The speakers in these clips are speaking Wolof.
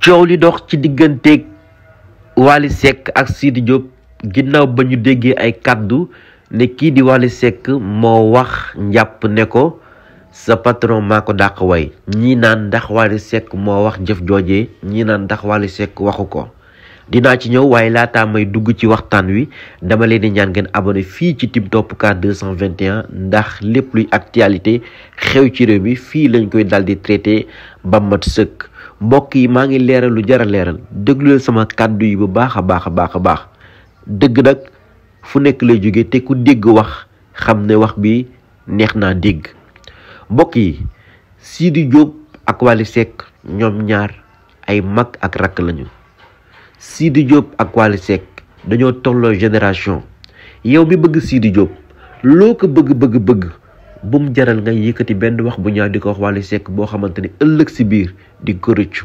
coow li dox ci digganteeg Wally Seck ak Sidi Diop ginnaaw ba ñu déggee ay kàddu ne kii di Wally Seck moo wax njàpp ne ko sa patron maa ko dàq way ñii naan ndax Wally Seck moo wax jëf jooje ñii naan ndax Wally Seck waxu ko dinaa ci ñëw waaye laataa may dugg ci waxtaan wi dama leen di ñaan ngeen abonné fii ci Tiptop Cas 221 ndax lépp luy actualité xew ci réew mi fii lañ koy daal di traité ba mat sëkk mbokk yi maa ngi leeral lu jar a leeral déglu sama kàddu yi bu baax a baax a baax a baax dëgg nag fu nekk lay jóge te ku dégg wax xam ne wax bi neex naa dégg mbokk yi Sidi Diop ak Wally Seck ñoom ñaar ay mag ak rakk lañu Sidi Diop ak Wally Seck dañoo tolloo génération yow mi bëgg Sidi Diop loo ko bëgg bëgg bëgg bu mu jaral ngay yëkkati benn wax bu ñaar di ko wax Wally Seck boo xamante ni ëllëg si biir di ko rëccu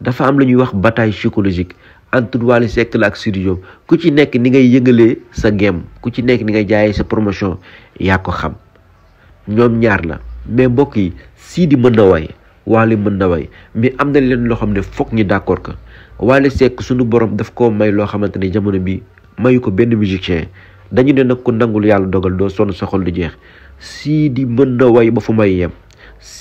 dafa am lu ñuy wax bataille psychologique entre Wally Seck la ak studio ku ci nekk ni ngay yëngalee sa game ku ci nekk ni ngay jaayee sa promotion yaa ko xam ñoom ñaar la mais mbokk yi Sidi mën na way Wally mën na way mais am na leen loo xam ne foog ñu d'accord que Wally sekk suñu borom daf koo may loo xamante ne jamono bi mayu ko benn musicien dañu ne nag ku nangul yàlla dogal doo sonn sa du jeex Sidi mën na way ba fu may yem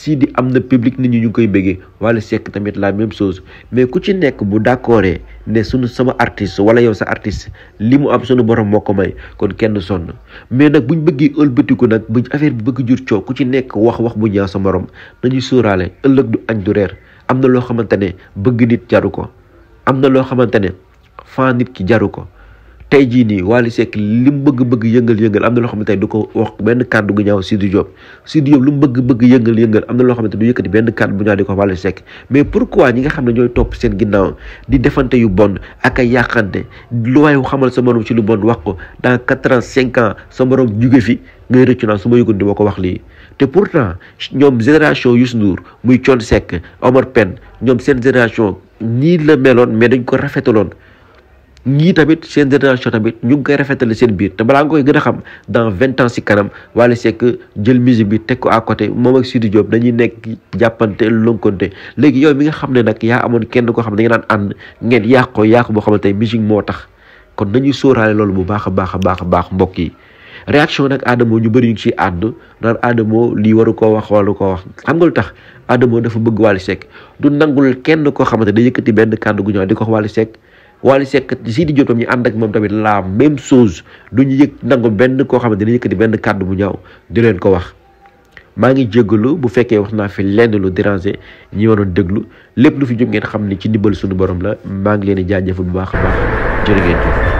di am na public nit ñi ñu koy bëggee Wally Seck tamit la même chose mais ku ci nekk bu d'accordé ne sunu sama artiste wala yow sa artiste li mu am sunu borom moo ko may kon kenn sonn mais nag buñ bëggee ëlbatiku nag bu affaire bi bëgg jur coow ku ci nekk wax wax bu ñaaw sa morom nañuy suuraale ëllëg du añ du reer am na loo xamante ne bëgg nit jaru ko am na loo xamante ne fan nit ki jaru ko tey jii nii Wally Seck li mu bëgg-bëgg yëngal-yëngal am na loo xam ne tey du ko wax benn kàddu gu ñaaw Sidy Diop Sidy Diop lu mu bëgg-bëgg yëngal-yëngal am na loo xam ne du yëkkati benn kàddu bu ñaaw di ko Wally xam ne sa morom ci lu bon wax ko dans quatre ans cinq ans fi ngay rëccu naa su ma yëgoon di ma ko wax lii te pour pourtant ñoom génération yu Ndour muy Thione Seck Omar Pène ñoom seen génération nii la meloon mais dañ ko rafetaloon ñii tamit seen génération tamit ñu ngi koy rafetale seen biir te balaa nga koy gën a xam dans vingt ans si kanam Wally Seck jël musique bi teg ko à côté moom ak Sidi Diop dañuy nekk jàppante lonkonte léegi yow mi nga xam ne nag yaa amoon kenn koo xam ne da daan ànd ngeen yàq ko yàq boo xamante ne musique moo tax kon nañuy sóoraale loolu bu baax a baax a baax a baax mbokk yi réaction nag Adamo ñu bëri ñu ci àdd naan Adamo lii waru koo wax waru koo wax xam nga lu tax Adamo dafa bëgg Wally Seck du nangul kenn koo xamante da yëkkati benn kàddu gu ñëw di ko wax Wally Wally Seck Sidi Diop tam ñu ànd ak moom tamit la même chose du ñu yëg nangu benn koo xam ne dina yëkkati benn kàddu bu ñaaw di leen ko wax maa ngi jéggalu bu fekkee wax naa fi lenn lu déranger ñi waroon déglu lépp lu fi jóg ngeen xam ni ci ndimbal suñu borom la maa ngi leen di jaajëfal bu baax a baax jërë ngeen